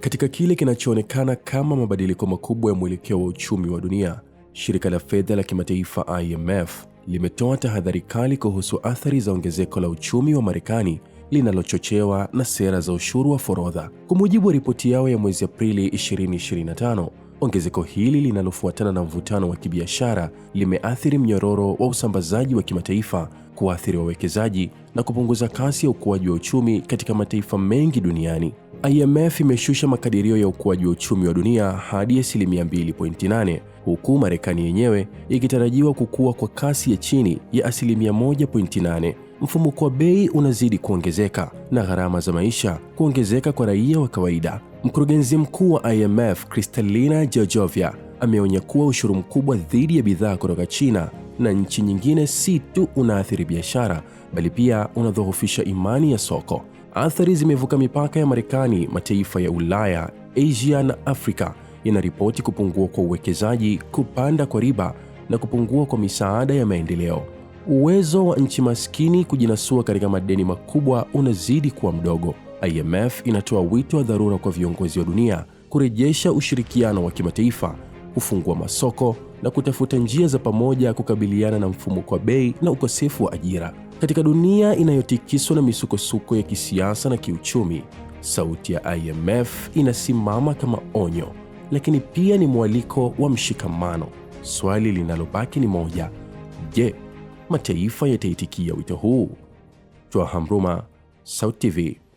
Katika kile kinachoonekana kama mabadiliko makubwa ya mwelekeo wa uchumi wa dunia, shirika la fedha la kimataifa IMF limetoa tahadhari kali kuhusu athari za ongezeko la uchumi wa Marekani linalochochewa na sera za ushuru wa forodha. Kwa mujibu wa ripoti yao ya mwezi Aprili 2025, ongezeko hili linalofuatana na mvutano wa kibiashara limeathiri mnyororo wa usambazaji wa kimataifa, kuathiri wawekezaji na kupunguza kasi ya ukuaji wa uchumi katika mataifa mengi duniani. IMF imeshusha makadirio ya ukuaji wa uchumi wa dunia hadi asilimia 2.8 huku Marekani yenyewe ikitarajiwa kukua kwa kasi ya chini ya asilimia 1.8. Mfumuko wa bei unazidi kuongezeka na gharama za maisha kuongezeka kwa raia wa kawaida. Mkurugenzi mkuu wa IMF Kristalina Georgieva ameonya kuwa ushuru mkubwa dhidi ya bidhaa kutoka China na nchi nyingine si tu unaathiri biashara, bali pia unadhoofisha imani ya soko. Athari zimevuka mipaka ya Marekani. Mataifa ya Ulaya, Asia na Afrika yanaripoti kupungua kwa uwekezaji, kupanda kwa riba na kupungua kwa misaada ya maendeleo. Uwezo wa nchi maskini kujinasua katika madeni makubwa unazidi kuwa mdogo. IMF inatoa wito wa dharura kwa viongozi wa dunia kurejesha ushirikiano wa kimataifa, kufungua masoko na kutafuta njia za pamoja kukabiliana na mfumuko wa bei na ukosefu wa ajira. Katika dunia inayotikiswa na misukosuko ya kisiasa na kiuchumi, sauti ya IMF inasimama kama onyo, lakini pia ni mwaliko wa mshikamano. Swali linalobaki ni moja: je, mataifa yataitikia wito huu? Twaha Mruma, SAUT TV.